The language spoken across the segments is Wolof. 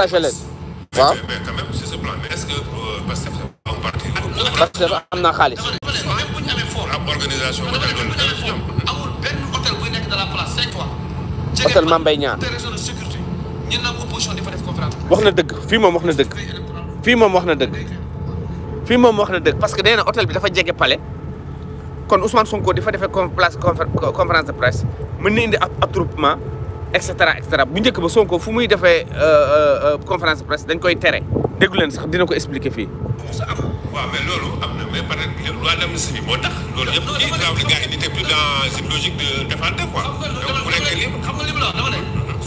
la chalette waaw. mais quand même sur ce plan mais est-ce que Pastef a un parti. Pastef am na xaalis. même bu ñu amee fort ab organisation bu ñu amee fort amul benn hôtel buy nekk dans la place cinq fois. hôtel Mame Mbaye Niang réseau de sécurité ñun nag opposition di fa def conférence. wax na dëgg fii moom wax na dëgg. fii moom wax na dëgg. fii moom wax na dëgg parce que nee na hôtel bi dafa jege palais kon Ousmane Sonko di fa defee place conférence de presse mën na indi ab attroupement. et cetera et cetera bu njëkk ba Sonko fu muy defee euh, euh, euh, conférence presse dañ koy tere. déglu leen sax dina ko expliquer fii. waaw mais loolu am na mais peut être loi d'amnistie bi moo tax. loolu yëpp kii daaw li gars yi di plus dans une logique de défendre quoi. donc bu nekkee libre xam nga li ma la wax dama ne.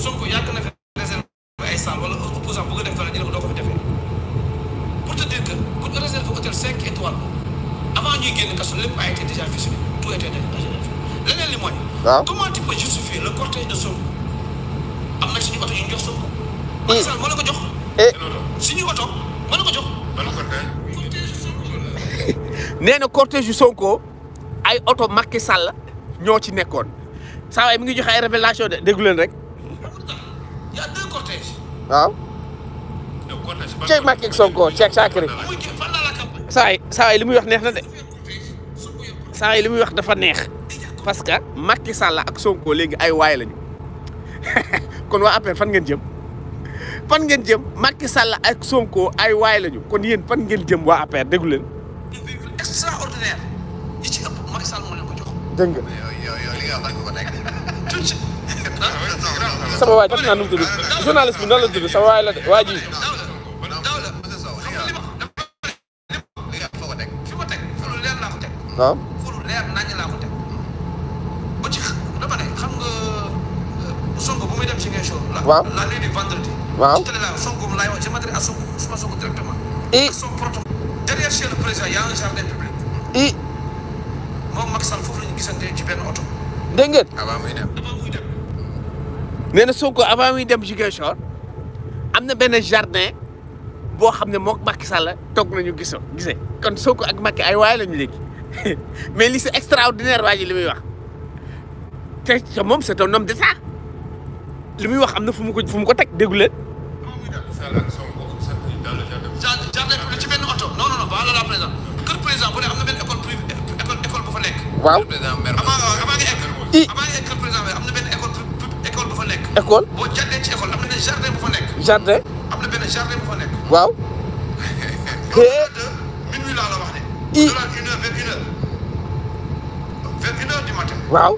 Sonko yàgg na fi réserve ay sànq wala opposant bu ko def feneen ñu ne ko doo ko fi defee pour te dire que bu ñu réserve hôtel 5 étoiles avant ñuy génn kaso lépp a été déjà ficelé tout était déjà ficelé leneen li mooy. waaw ah. comment tu peux justifier le cortège de Sonko. am na suñu oto yu eh. eh. Sonko. oto yu Sonko ay oto Macky Sall ñoo ci nekkoon saa mu ngi joxe ay révélation de déglu rek. y a waaw. ceeb Macky Sonko ceeb Sakri. saa saa li muy wax neex na de saa li muy wax dafa neex parce que Macky Sall ak Sonko léegi ay waay lañu. kon waa APR fan ngeen jëm fan ngeen jëm Macky Sall ak Sonko ay waay lañu kon yéen fan ngeen jëm waa APR déglu leen. extraordinaire yi ci ëpp Macky Sall moo leen ko jox. dégg bi nan waay la de waa ji. waaw. waaw la lundi vendredi. waaw ci télé wax je m'adresse à i ak son protocole. derrière le président y a un jardin public. i. moom Macky Sall foofu la ñu gisantee ci benn oto. avant muy dem avant muy avant muy dem Ziguinchor am na benn jardin boo xam ne moom Macky Sall toog nañu gisoo gisee kon Sonko ak Macky ay waay lañu léegi mais li c'est extraordinaire waa ji li muy wax te moom c'est un homme d'État li muy wax am na fu mu ko fu mu ko teg déggu leen. ci benn oto non non non voilà la président kër président bu ne am na benn école privée école fa nekk. waaw avant nga egg. avant nga egg kër président am na benn école bu fa nekk. école boo jàddee ci école am na benn jardin bu fa nekk. jardin am na benn jardin bu fa nekk. waaw. minuit laa la wax de. i une waaw.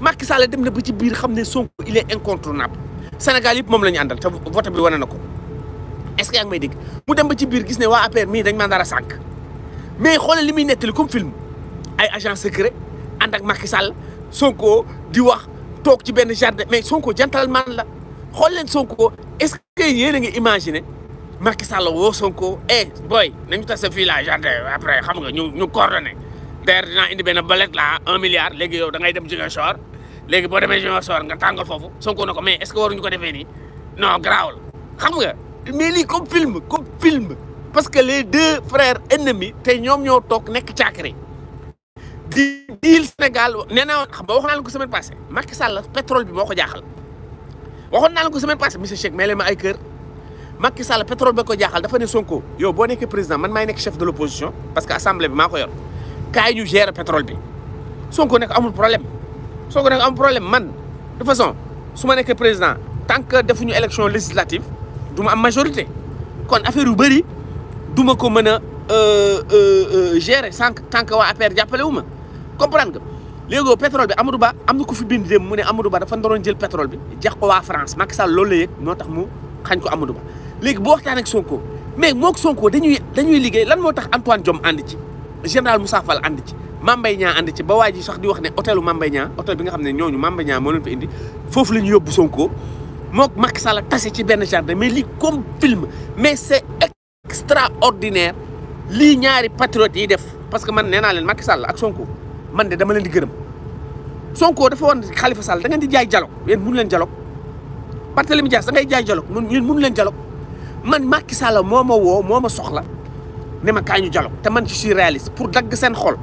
Macky Sall dem na ba ci biir xam ne Sonko il incontre incontournable Sénégal yëpp moom la ñu àndal te vote bi wane na ko est-ce que yaa ngi may dégg mu dem ba ci biir gis ne waa APR mii dañ maa dara sànq mais xoolal li muy nettali comme film ay agent secret ànd ak Macky Sall Sonko di wax toog ci benn jardin mais Sonko gentleman la xool leen Sonko est-ce que yéen a ngi imaginer Macky Sall woo Sonko eh boy nañu tase fii la jardin après xam nga ñu ñu coordonné. d'ailleurs dinaa indi benn balet la un milliard léegi yow da ngay dem Ziguinchor léegi boo demee Ziguinchor nga tàngal foofu Sonko na mais est-ce que waruñu ko defee nii non garaawul xam nga mais comme film comme film parce que les deux frères ennemis te ñoom ñoo took nekk caakiri di diil Sénégal nee naa xam ba waxoon naa leen ko semaine passée Macky Sall pétrole bi moo ko jaaxal waxoon naa semaine passée monsieur Cheikh may ay kër Macky Sall pétrole kaay ñu gérer pétrole bi Sonko nek amul problème Sonko nek amul problème man de façon suma nek président tant que defuñu élection législative duma am majorité kon affaire yu bëri du ma ko euh, euh euh gérer sànq tant que waa APR jàppale wu ma comprendre nga léegoo pétrole bi Amadou Ba am na ko fi bindé dem mu ne Amadou Ba dafa ndoron jël pétrole bi jeex ko wa France Macky Sall loolu la yëg mu xagn ko Amadou Ba légui boo waxtaan ak Sonko mais mok Sonko dañuy dañuy liggéey lan motax Antoine diom ànd ci général Moussa Fall ànd ci Mambay Niang ànd ci ba waji sax di wax ne hôtel Mambay Niang hôtel bi nga xamné ne ñooñu Mambay Niang leen fi indi fofu lañu yobbu Sonko mok Macky Sall tassé ci ben jardin mais li comme film mais c'est extraordinaire li ñaari patriote yi def parce que man néna leen Macky Sall ak Sonko man de dama leen di gërëm Sonko dafa won Khalifa Sall da ngeen di jaay dialogue yeen mënu leen da ngay jaay ñun mënu leen man Macky Sall momo wo momo soxla ne ma kaay ñu dialogue te man je suis réaliste pour dagg seen xol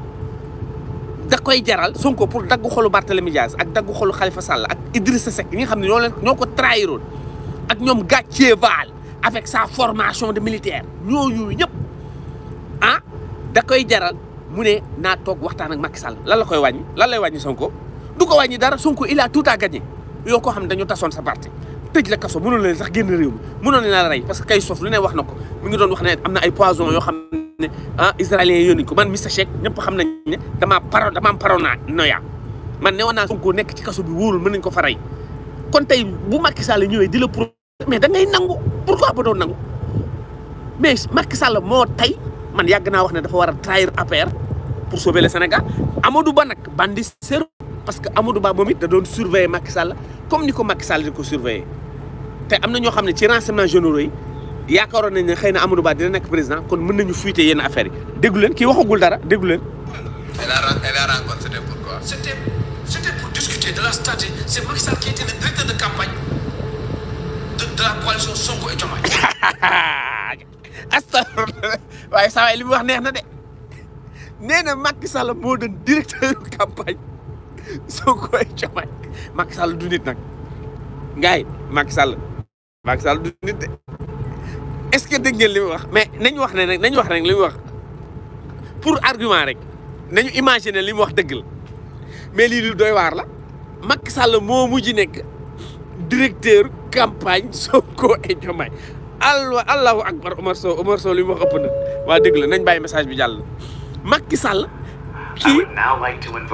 da koy jaral Sonko pour dagg xolu Barthélemy Diaz ak dagg xolu Khalifa Sall ak Idrissa Seck ñi nga xam ne ñoo ñoo ko trahiroon ak ñoom Gathie Val avec sa formation de militaire ñoo ñooñu ñëpp ah da koy jaral mu ne naa toog waxtaan ak Macky Sall lan la koy wàññi lan lay wàññi Sonko du ko wàññi dara Sonko il a tout yi gagner yoo ko xam ne dañoo tasoon sa parti tëj la kaso mënoon leen sax génn réew mi mënoon leen la rey parce que kay sof lu ne wax na ko mi ngi doon wax ne am na ay poison yoo xam ne ah israélien yónni ko man Mister Shake ñëpp xam nañ ne damaa paro damaa am parona noya man ne woon naa Sonko nekk ci kaso bi wóorul mën ko fa kon tey bu Macky Sall ñëwee di la pro mais da ngay nangu pourquoi doon nangu mais Macky Sall moo tey man yàgg naa wax ne dafa war a trahir APR pour sauver le Sénégal Amadou Ba nag bandi sér parce que Amadou Ba moom it da doon surveiller Macky Sall comme ni ko Macky Sall di ko surveiller te amna ño xamné ci renseignements généraux yi yaakaaroon nañ ne xëy na Amadou Ba dina nekk président kon mën nañu fuite yenn affaire yi déggu leen kii waxagul dara déggu leen. elle a elle a rencontré pourquoi. c'était c'était pour discuter de la stratégie c'est Macky Sall qui était le directeur de campagne de de la coalition Sonko et Diomaye. astafurlah waaye saa waay li mu wax neex na de nee na Macky Sall moo doon directeur campagne Sonko et Diomaye Macky Sall du nit nag. ngaay Macky Sall. Macky Sall du nit de est ce que dégg ngeen li wax mais nañ wax ne nag nañ wax rek li mu wax pour argument rek nañu imaginer limu wax dëgg la mais lii lu doy waar la Macky Sall moo mujj nekk directeur campagne Sonko et Diomaye allah allahu akbar Omar Sow Omar Sow li mu wax ëpp na waa dëgg la nañ bàyyi message bi jàll Macky Sall. kii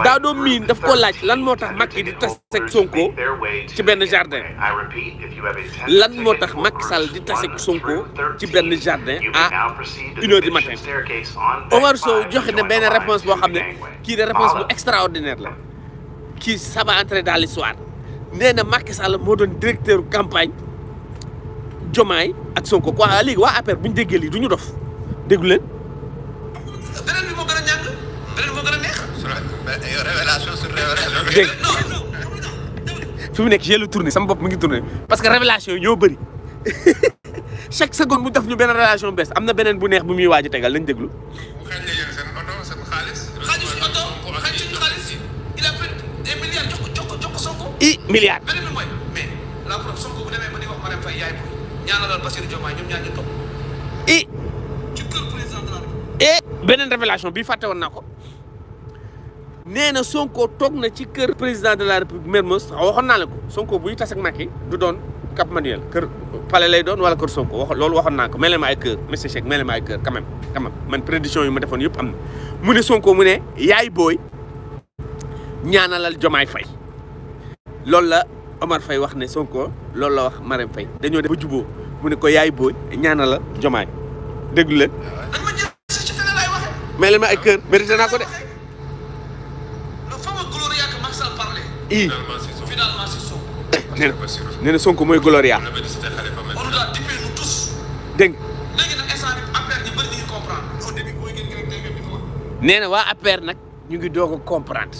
daa doon miin daf ko laaj lan moo tax Macky di taseeg Sonko ci benn jardin lan moo tax Macky Sall di taseeg Sonko ci benn jardin à une heure du matin Omar Sow joxe na benn réponse boo xam ne kii de réponse bu extraordinaire la kii ça va entrer dans l'histoire nee na Macky Sall moo doon directeur campagne Diomaye ak Sonko quoi léegi waa APR bu déggee lii duñu ñu dof déggu leen révélation sur révélation. nekk j'ai le tourné sama bopp mu ngi tourné parce que révélation yi ñoo bëri chaque seconde mu def ñu benn révélation bees am na beneen bu neex bu muy waaj a tegal lañ déglu. i milliard. E beneen révélation bi fàtte woon naa ko nee na Sonko toog na ci kër président de la république Mermoz waxoon naa la ko Sonko buy tas ak Macky du doon Cap Manuel kër Palais lay doon wala kër Sonko wax loolu waxoon naa ko mel ma ay kër monsieur man prédiction yu ma defoon yëpp mu ne Sonko mu ne yaay booy ñaanalal Jomaay Fay loolu la Omar Fay wax ne Sonko loolu la wax Marème Fay dañoo def ba juboo mu ne ko yaay booy ñaanalal Jomaay déglu leen. mel ay kër mérité ko de. i finalement c'est Sonko na mooy Gloria dégg waa APR nag ñu ngi doog a comprendre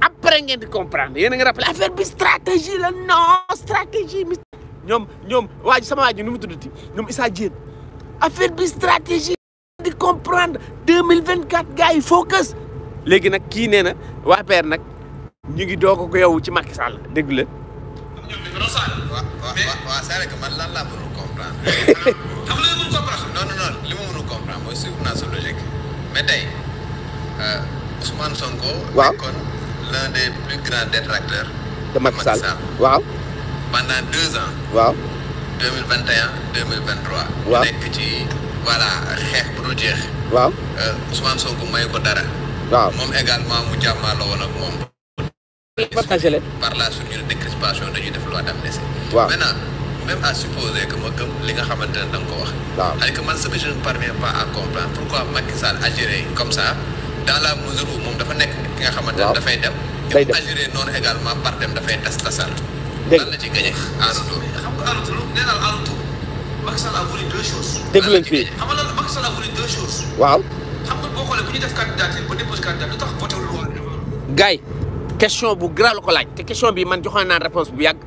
après ngeen di comprendre yéen a ngi rappelé affaire bi stratégie la non stratégie ñoom ñoom waa sama waa nu mu tuddati ñoom Issa Diène affaire bi stratégie di comprendre deux mille vingt quatre gars yi focus léegi nag kii nee na waa APR nag ñu ngi doog ko yow ci Macky Sall dégg la. waaw c'est vrai comprendre. ma mooy suivre naa sa logique mais tey euh, Ousmane Sonko. waaw de Macky Sall waaw. pendant deux ans. bu euh, dara. waaw moom également mu jàmmaarloo woon ak moom. partagé leen par la suite ñu ne décrispation dañuy def loi d'amnistie waaw maintenant même à supposer que ma li nga xamante ne da nga ko wax waaw c'est que man sama je ne parviens pas à comprendre pourquoi Macky Sall agirait comme ça dans la moom dafa nekk ki nga xamante ne dafay dem mu agirait noonu également par dem dafay tas tasal lan la ci gagné en retour xam nga en retour nee a voulu fii xam nga lan Macky Sall a voulu deux choses waaw xam nga boo xoolee bu ñu def candidature ba déposé candidature lu tax voté loi gaay question bu grave la ko laaj te question bi man joxoon naan réponse bu yàgg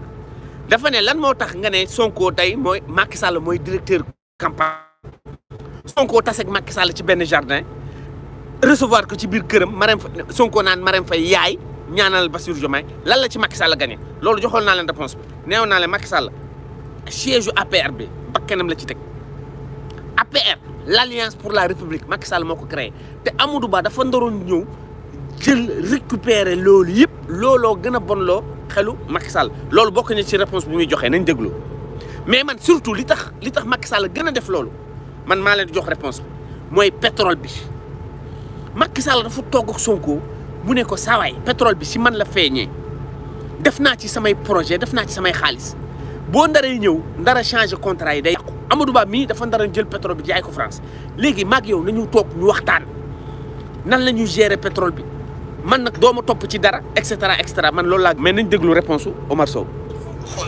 dafa ne lan moo tax nga ne sonkoo tey mooy Macky Sall mooy directeur campagne sonkoo tase ak Macky ci benn jardin recevoir ko ci biir këram Marème Sonko naan Marème Faye yaay ñaanal Bassirou Diomaye lan la ci Macky Sall gagné loolu joxoon naa leen réponse bi neewoon naa leen Macky Sall siège u APR bi bakkanam la ci teg APR l' pour la république Macky Sall moo ko créé te Amadou Ba dafa ndoroon ñëw jël récupérer loolu yëpp looloo gën a bon loo xelu Macky Sall loolu bokk na ci réponse bu muy joxee nañ déglu mais man surtout li tax li tax Macky Sall gën a def loolu man maa leen di jox réponse bi mooy pétrole bi Macky Sall dafa togg ak Sonko mu ne ko saawaay pétrole bi si man la feeñee def naa ci samay projet def naa ci samay xaalis boo ndaree ñëw ndara changer contrat yi day yàqu Amadou Ba mii dafa ndara jël pétrole bi jaay ko France léegi maag yow nañu toog ñu waxtaan nan la ñuy gérer pétrole bi man nag doo ma topp ci dara et cetera et cetera man loolu laa. mais nañ déglu réponse su Omar Sow. xool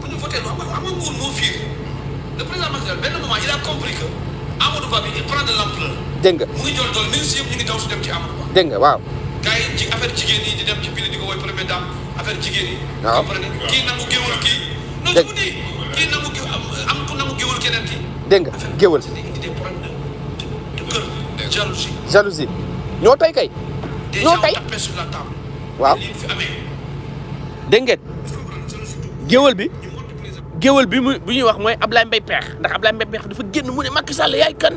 bu ñu voté loo xam nga nguur moo fiir le président Macky Sall benn moment il a compris que Amadou Ba bi il prend de l'ampleur. dégg nga mu ngi jël dool ministre yëpp ñu ngi daw su dem ci Amadou Ba. dégg nga waaw. gars yi ci affaire jigéen yi di dem ci biir di ko woy première dame affaire jigéen yi. waaw comprenez kii nangu géwal kii. dégg non tuuti kii nangu géw am ku nangu géwal keneen kii. dégg nga géwal. jalousie jalousie ñoo tey kay non tey waaw dégg ngeen géwal bi géwal bi mu bu ñuy wax mooy Ablaye Mbaye Peex ndax Ablaye Mbaye Peex dafa génn mu ne Macky Sall yaay kan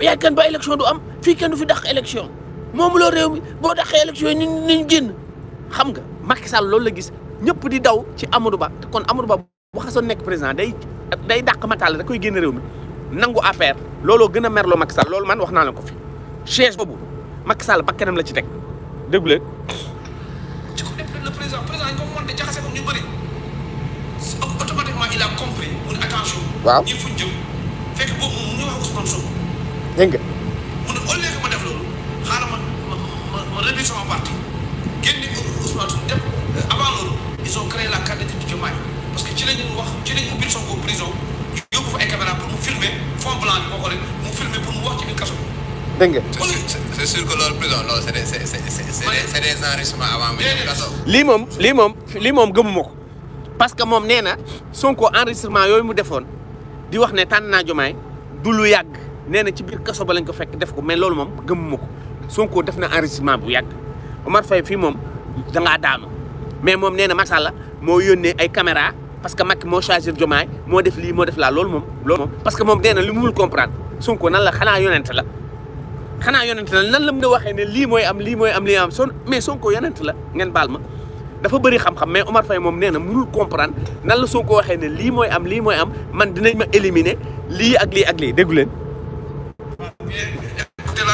yaay kan ba élection du am fii kenn du fi dàq élection moom loo réew mi boo dàqee élection yi ñu ñu génn xam nga Macky Sall loolu la gis ñëpp di daw ci Amadou Ba te kon Amadou Ba bu xasoon nekk président day day dàq Macky da koy génn réew mi nangu APR looloo gën a merloo Macky Sall loolu man wax naa la ko fi chaise boobu. Macky Sall bakkanam la ci teg déglu ci ko député le président président ñu ko monté jaxase ko ñu bëri automatiquement il a compris mu ne attention. waaw jëm fekk boobu mu ñu wax ci la kaso. dégg c'est sûr que loolu prison c'est des c'est des enrichissements avant lii moom lii moom lii moom gëmuma ko parce que moom nena, na Sonko enregistrement yooyu mu defoon di wax ne tànn na Diomaye du lu yàgg nee ci bir kasso ba lañ ko fekk def ko mais lolu mom gëmuma ko Sonko def na enrichissement bu yag Omar Faye mom da nga daanu mais mom nee na Macky Sall moo ay caméra parce que Macky mo choisir Diomaye mo def li mo def la lolu mom lolu mom parce que mom nee na mu comprendre Sonko nan la xana yonent la xanaa yonent la lan la mu waxee ne lii mooy am lii mooy am lii am son mais Sonko yonent la ngeen baal ma dafa bari xam-xam mais Omar Faye moom nee na mënul comprendre nan la soo ko waxee ne lii mooy am lii mooy am man dinañ ma éliminer lii ak lii ak lii déggu leen. ko jox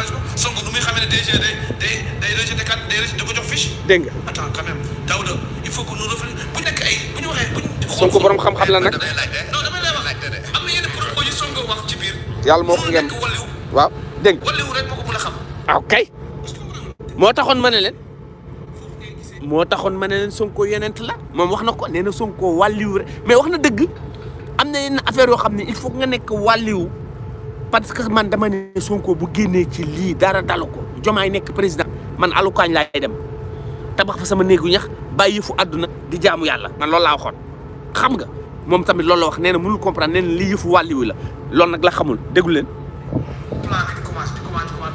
xam-xam la nag. yàlla moo ko ngeen waaw. dégg nga. Ah, ok moo taxoon ma ne leen moo taxoon ma ne leen Sonko yonent la moom wax na ko nee na Sonko wàlliwu rek mais wax na dëgg am na yenn affaire yoo xam ne il faut nga nekk wàlliwu parce que man dama ne Sonko bu génnee ci lii dara dalu ko jomaay nekk président man alukaañ laay dem tabax fa sama néegu ñax bàyyi fu àdduna di jaamu yàlla man loolu laa waxoon xam nga moom tamit loolu la wax nee na mënul comprendre li na yëfu wàlliwu la loolu nag la xamul déggu leen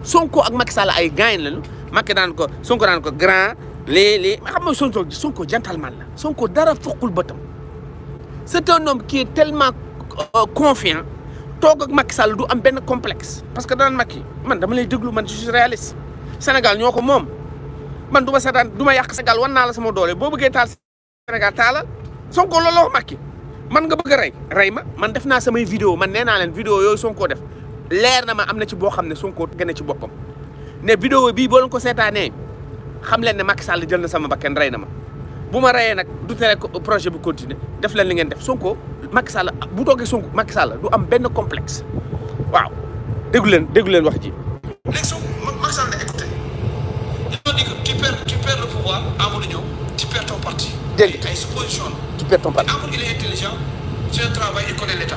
Sonko ak Macky Sall ay gaañ lañu Macky Sonko grand lé Sonko Sonko gentleman Sonko dara c'est un homme qui est tellement euh, confiant ak Macky Sall du am complexe parce que réaliste. Macky man dama lay man je suis réaliste Sénégal ñoko mom man duma duma yak Sénégal wan la sama doole bo bëggee taal Sénégal Sonko lolo Macky man nga bëgg a ray ma man def vidéo man vidéo Sonko leer na ma am na ci boo xam ne Sonko gën ci boppam ne vidéo bii boo leen ko seetaanee xam leen ne Macky Sall jël na sama bakkan rey na ma bu ma reyee nag du tere projet bi continuer def leen li ngeen def Sonko Macky Sall bu toogee Sonko Macky Sall du am benn complexe waaw déglu leen déglu leen wax ji. léegi soo Macky Sall na écouté ils ont dit que tu perds tu perds le pouvoir tu perds ton parti. dégg ay supposition tu perds ton parti il est intelligent c'est un travail il connaît l'État.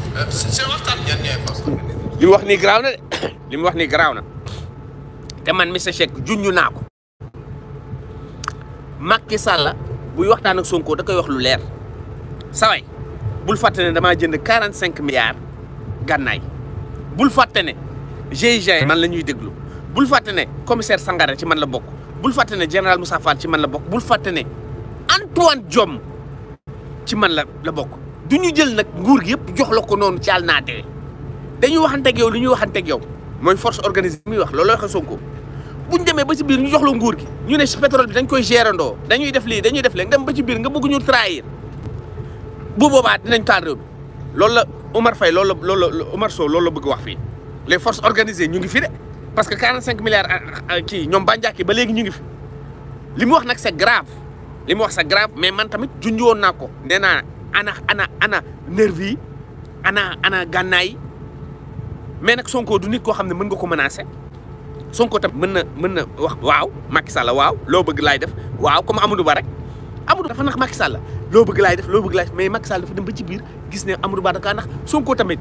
seen wax nii garaaw na de li wax ni garaaw na te man Mister Shake junñu naa ko Macky Sall buy waxtaan ak Sonko da wax lu leer saway bul fàtte ne damaa jënd quarante cinq milliards gànnaay bul fàtte ne GIGN man la ñuy déglu bul fàtte ne commissaire Sangara ci man la bokk bul fàtte ne général Moussa Fall ci man la bokk bul fàtte ne Antoine Diome ci man la la bokk duñu jël nak nguur gi yépp jox la ko noonu caal naatee dañuy ak yow li ñuy ak yow mooy force organisée muy wax looloo waxe Sonko bu demee ba ci biir ñu jox la nguur gi ñu ne pétrole bi dañ koy gérandoo dañuy def lii dañuy def léegi dem ba ci biir nga bëgg ñu trahir bu boobaa dinañ taal réew bi loolu la Omar Faye loolu la loolu la Omar Sow loolu la bëgg wax fii les forces organisées ñu ngi fi de parce que 45 milliards euh, euh, euh, kii ñoom bànjaaki ba léegi ñu ngi fi li mu wax nag c'est grave li mu wax c'est grave mais man tamit junj woon naa ko nee naa ana ana ana nervi ana ana gànnaay mais nag sonkoo du nit koo xam ne mën nga ko menacer Sonko tam mën na mën na wax waaw Macky waaw loo bëgg laay def waaw comme Amadou Ba rek dafa nax Macky Sall loo bëgg laay def loo mais Macky Sall dafa dem ba ci biir gis ne Amadou Ba da kaa tamit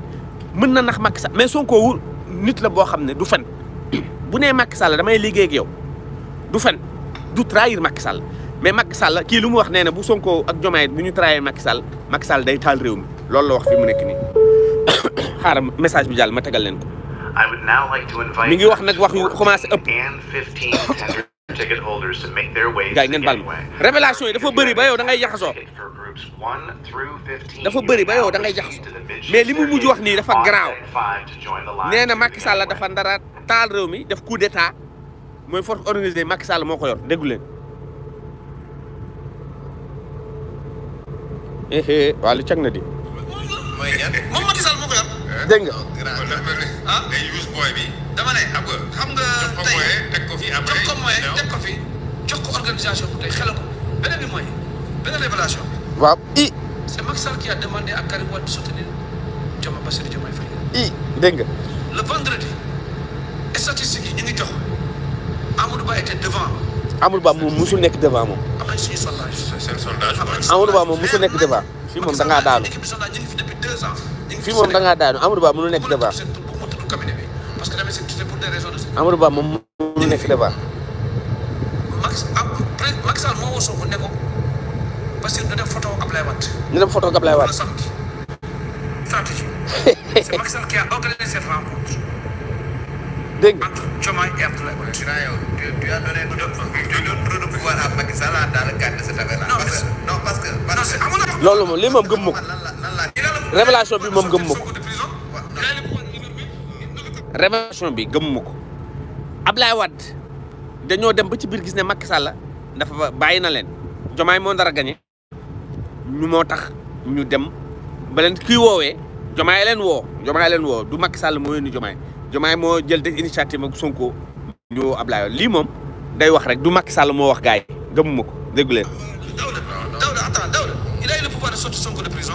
mën na nax Macky Sall mais Sonko wu nit la boo xam ne du fen bu nee Macky Sall damay liggéey ak yow du fen du trahir Macky Sall mais Macky Sall kii lu mu wax nee na bu Sonko ak Diomaye bu ñu trahé Macky Sall Macky Sall day taal réew mi loolu la wax fi mu nekk nii xaaral message bi jàll ma tegal leen ko. mi ngi wax nag wax yu commencé ëpp. gars yi ngeen dafa bëri ba da ngay jaxasoo dafa bëri ba da ngay jaxasoo li mu mujj wax nii dafa garaaw nee na Macky Sall dafa ndara taal réew mi def coup d'état mooy force organisée Macky Sall moo ko yor déggu leen. waa li cag waaw i. c' est Macky a demandé à Karim de soutenir Diomaye Bassirou Diomaye Faye. i dégg nga. le vendredi statistiques ñu ngi jox Amadou Ba était devant. Amadou Ba moom musul nekk devant moom. seen sondage. moom mos a nekk débat fii moom da daanu fii moom da daanu Amadou Ba mënul nekk débat Amadou Ba moom mënul nekk débat. Macky Sall moo woo Sonko ne ko parce que ñu dem photo Ablaye Wade. ñu dem photo a dégg nga. loolu moom lii révélation bi moom gëm ko. révélation bi gëm ma ko. Ablaye Wade dañoo dem ba ci biir gis ne Macky Sall dafa bàyyi na leen jomaay moo ndara gañe ñu moo tax ñu dem ba leen kii woowee jomaay leen woo jomaay leen woo du Macky Sall moo yónni jomaay. Diomaye moo jël des initiative ak Sonko ñu Ablaye lii moom day wax rek du Macky Sall moo wax gaay gëmuma ko déggu leen. Daouda Daouda attends Daouda il a eu le pouvoir de sortir Sonko de prison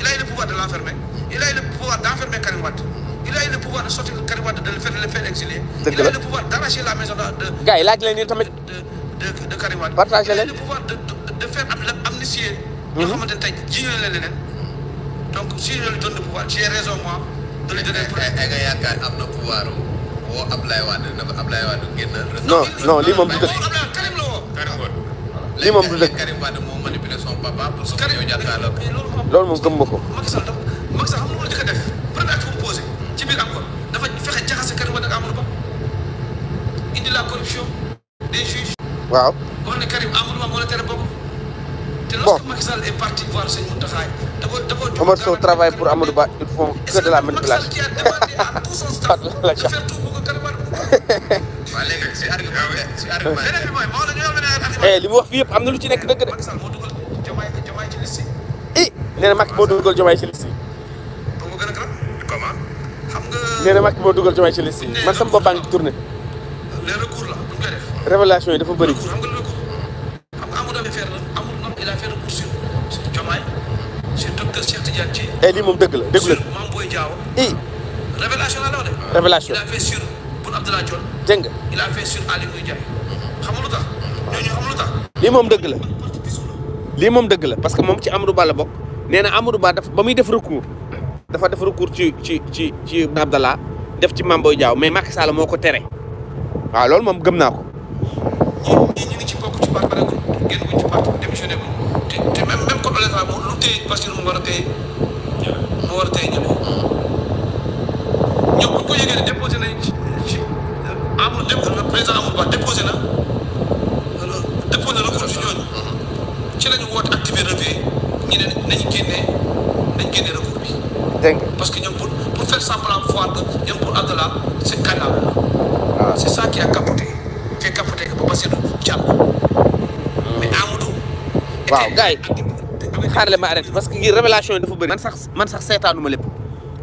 il a eu le pouvoir de l'enfermer il a eu le pouvoir d'enfermer Karim Wade il a eu le pouvoir de sortir Karim Wade de le faire le faire exiler. il a eu le pouvoir d'arracher la maison de. gars yi ni tamit. de de Karim Wade. partagé il a eu le pouvoir de de faire amnistier. Mhm. ñoo xamante ne tey jiw na donc si je lui donne le pouvoir j'ai raison moi. su la jotee pour ay ay nga yaakaar am na pouvoir woo Ablaye Wade na ko Ablaye Wade génnal. non non lii moom du dëkk Karim la woo Karim Wade. lii moom du dëkk Karim Wade moo manipulé son papa pour soog a ñëw jàkkaarloo. loolu moom gëm nga ko. Macky Sall dafa Macky Sall xam nga lu njëkk a def premier acte bu mu posé ci biir accord dafa fexe jaxase Karim Wade ak Amadou Ba indi la corruption des juges. waaw wax ne Karim Amadou Ba moo la tere bokk. Bon. Omar Sow travaille pour Amadou Ba, il faut que de la manipulation. Pas de la chat. Eh, li mu wax fii yëpp am na lu ci nekk dëgg de. Eh, nee na Macky moo dugal Diomaye ci liste yi. ci liste yi man sama bopp baa ngi tourné. Révélation yi dafa bëri. Eh, lii moom dëgg la dégg nga il lii moom dëgg la lii moom dëgg la parce que moom ci Amadou Ba la bokk nee na Amadou Ba dafa ba muy def recours dafa def recours ci ci ci ci def ci Mame Boye Diao mais Macky Sall moo ko tere waaw loolu moom gëm naa ko waay xaarale ma arrêté parce que ngir révélation yi dafa bëri. man sax man sax seetaanu ma lépp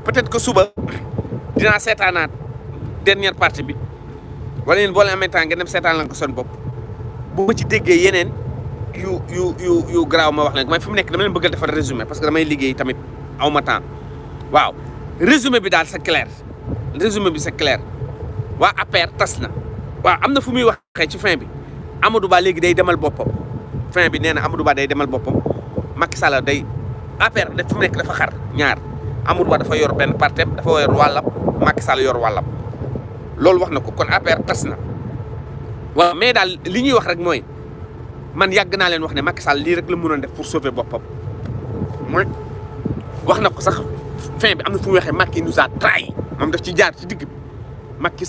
peut-être que suba dinaa seetaanaat dernière partie bi wala yéen boo leen amee temps ngeen dem seetaan lan ko seen bopp bu ma ci déggee yeneen yu yu yu yu garaaw ma wax leen man fi mu nekk dama leen bëgg defar résumé parce que damay liggéey tamit aw ma temps waaw résumé bi daal c'est clair résumé bi c'est clair waa APR tas na waaw am na fu muy wax ci fin bi Amadou baa léegi day demal boppam. fin bi nee na Amadou Ba day demal boppam Macky Sall day APR daf fi mu nekk dafa xar ñaar Amadou Ba dafa yor benn partem dafa yor wàllam Macky Sall yor wàllam loolu wax na ko kon APR tas na waaw mais daal li ñuy wax rek mooy man yàgg naa leen wax ne Macky Sall lii rek la mënoon def pour sauver boppam mooy wax na ko sax fin bi am na fu weexee waxee Macky nous a trahi moom daf ci digg bi